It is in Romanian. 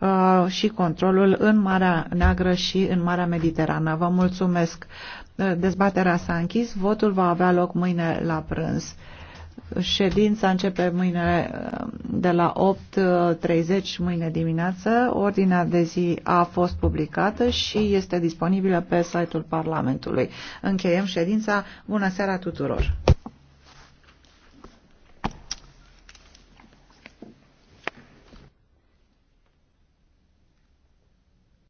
Uh, și controlul în Marea Neagră și în Marea Mediterană. Vă mulțumesc. Uh, dezbaterea s-a închis. Votul va avea loc mâine la prânz. Ședința începe mâine uh, de la 8.30 mâine dimineață. Ordinea de zi a fost publicată și este disponibilă pe site-ul Parlamentului. Încheiem ședința. Bună seara tuturor!